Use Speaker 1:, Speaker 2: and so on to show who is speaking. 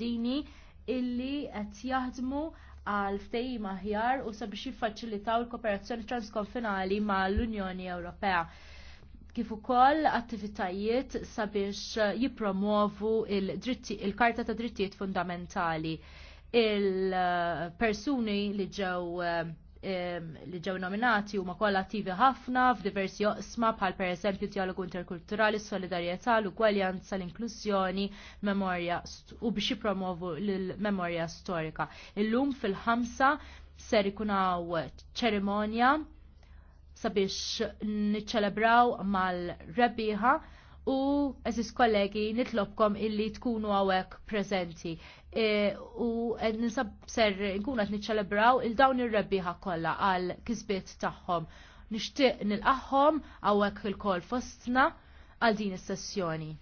Speaker 1: dini illi qed jaħdmu għal ftehim aħjar u sabiex jiffaċilitaw il-kooperazzjoni transkonfinali mal unjoni Ewropea kif ukoll attivitajiet sabiex jippromovu il-Karta il ta' Drittijiet Fundamentali il-persuni li ġew eh, li ġew nominati huma kollha attivi ħafna f'diversi oqsma bħal pereżempju dialogu interkulturali, solidarjetà, l-ugwaljanza, l-inklużjoni, memorja u biex jippromovu l-memorja storika. Illum fil-ħamsa ser ikun hawn ċerimonja sabiex niċċelebraw mal-rebbieħa u eżis kollegi nitlobkom illi tkunu għawek prezenti e, u e, nisab ser nkunu għet niċċelebraw il-dawn ir-rebbiħa kollha għal kisbiet tagħhom. Nixtieq nilqaħħom għawek il-kol fostna għal din is-sessjoni.